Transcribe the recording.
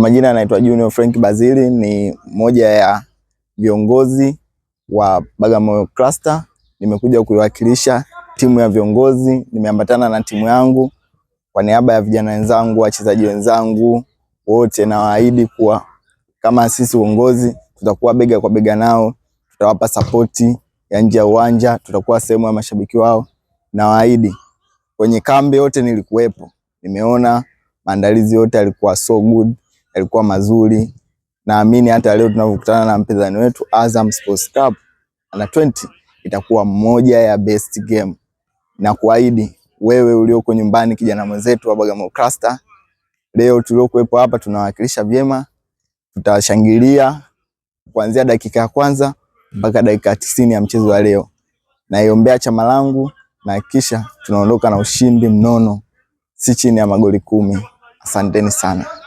Majina anaitwa Junior Frank Bazili, ni moja ya viongozi wa Bagamoyo Cluster. Nimekuja kuiwakilisha timu ya viongozi, nimeambatana na timu yangu kwa niaba ya vijana wenzangu, wachezaji wenzangu wote, na waahidi kuwa kama sisi uongozi tutakuwa bega kwa bega nao, tutawapa sapoti ya nje ya uwanja, tutakuwa sehemu ya mashabiki wao, na waahidi kwenye kambi yote nilikuwepo, nimeona maandalizi yote yalikuwa so good yalikuwa mazuri. Naamini hata leo tunavyokutana na mpinzani wetu Azam Sports Club na 20 itakuwa moja ya best game, na kuahidi wewe ulioko nyumbani, kijana mwenzetu wa Bagamoyo Cluster, leo tuliokuwepo hapa tunawakilisha vyema, tutashangilia kuanzia dakika ya kwanza mpaka dakika tisini ya mchezo wa leo. Naiombea chama langu na kisha tunaondoka na ushindi mnono, si chini ya magoli kumi. Asanteni sana.